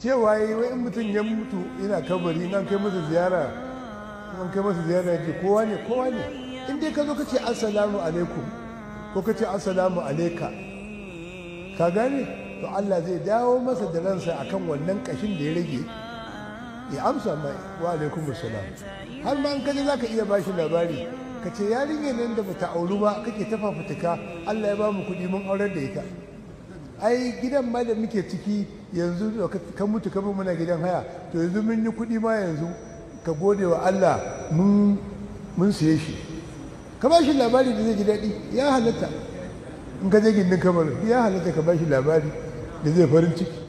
cewa yi wai in mutum ya mutu ina kabari nan kai masa ziyara nan kai masa ziyara yake kowa ne kowa ne in dai ka zo ka ce assalamu alaikum ko ka ce assalamu alaika ka gane to Allah zai dawo masa da ransa akan wannan kashin da ya rage ya amsa mai wa alaikum assalam har ma an kaje zaka iya bashi labari ka ce yarinyar nan da bata auru ba kake ta fafutuka Allah ya ba mu kuɗi mun aurar da ita ai gidan ma da muke ciki yanzu kan mutu ka muna gidan haya to yanzu mun yi kuɗi ma yanzu ka gode wa Allah mun mun shi ka ba shi labari da zai ji daɗi ya halatta in ka je gindin kamar ya halatta ka ba shi labari da zai farin ciki